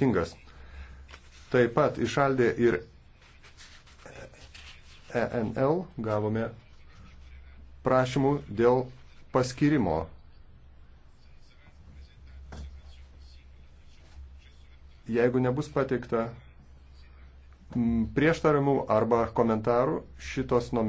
stingas. Taip pat išaldė ir ENL, gavome prašymų dėl paskirimo. Jeigu nebus pateikta prieštarimų arba komentarų, šitos nominacijos